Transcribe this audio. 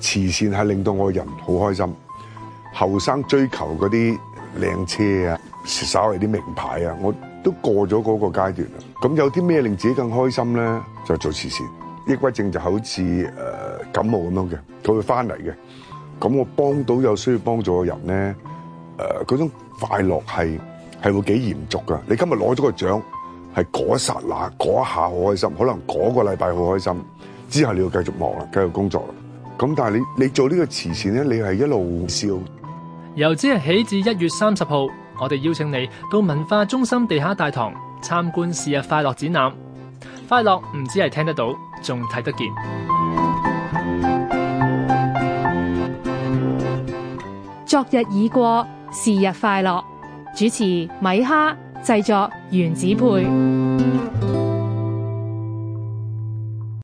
慈善係令到我個人好開心。後生追求嗰啲靚車啊，稍為啲名牌啊，我都過咗嗰個階段啦。咁有啲咩令自己更開心咧？就做慈善。抑鬱症就好似誒、呃、感冒咁樣嘅，佢會翻嚟嘅。咁我幫到有需要幫助嘅人咧，誒、呃、嗰種快樂係係會幾延續噶。你今日攞咗個獎，係嗰一剎那、嗰一下好開心，可能嗰個禮拜好開心，之後你要繼續忙啦，繼續工作啦。咁但係你你做呢個慈善呢，你係一路笑。由即日起至一月三十號，我哋邀請你到文化中心地下大堂參觀是日快樂展覽。快樂唔止係聽得到，仲睇得見。昨日已過，是日快樂。主持米哈，製作原子配。